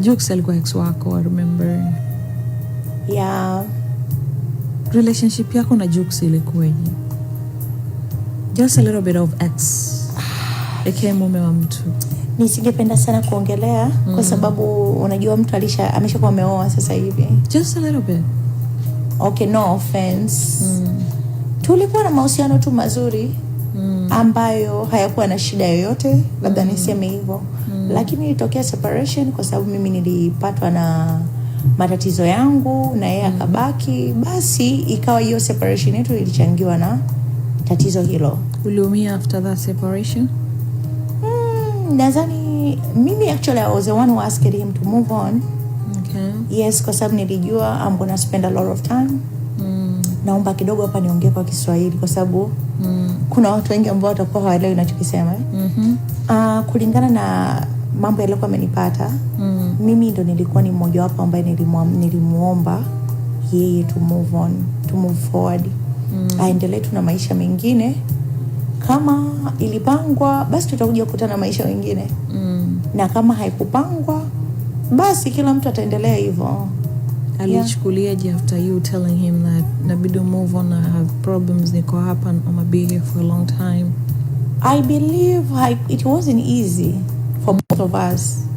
jokes alikuwa ex wako remember. Yeah. Relationship yako na jokes ilikuwenye Just a little bit of ex. Eke mume wa mtu nisingependa sana kuongelea mm. Kwa sababu unajua mtu alisha amesha kuwa ameoa sasa hivi. Just a little bit. Okay, no offense. Mm. Tulikuwa na mahusiano tu mazuri mm. ambayo hayakuwa na shida yoyote labda mm. niseme hivyo mm. lakini ilitokea separation kwa sababu mimi nilipatwa na matatizo yangu na yeye mm. akabaki, basi ikawa hiyo separation yetu ilichangiwa na tatizo hilo. Uliumia after that separation? Mm, nadhani mimi actually I was the one who asked him to move on. Okay. Yes, kwa sababu nilijua I'm gonna spend a lot of time naomba kidogo hapa niongee kwa Kiswahili kwa sababu mm. kuna watu wengi ambao watakuwa hawaelewi ninachokisema mm -hmm. uh, kulingana na mambo yaliyokuwa amenipata mm. mimi ndo nilikuwa ni mmojawapo ambaye nilimwomba yeye to move on, to move forward mm. aendelee tu na maisha mengine kama ilipangwa basi tutakuja kukutana maisha mengine mm. na kama haikupangwa basi kila mtu ataendelea hivyo alichukuliaje yeah. after you telling him that nabidi move on I have problems niko hapa I'm a for a long time I believe I, it wasn't easy for both of us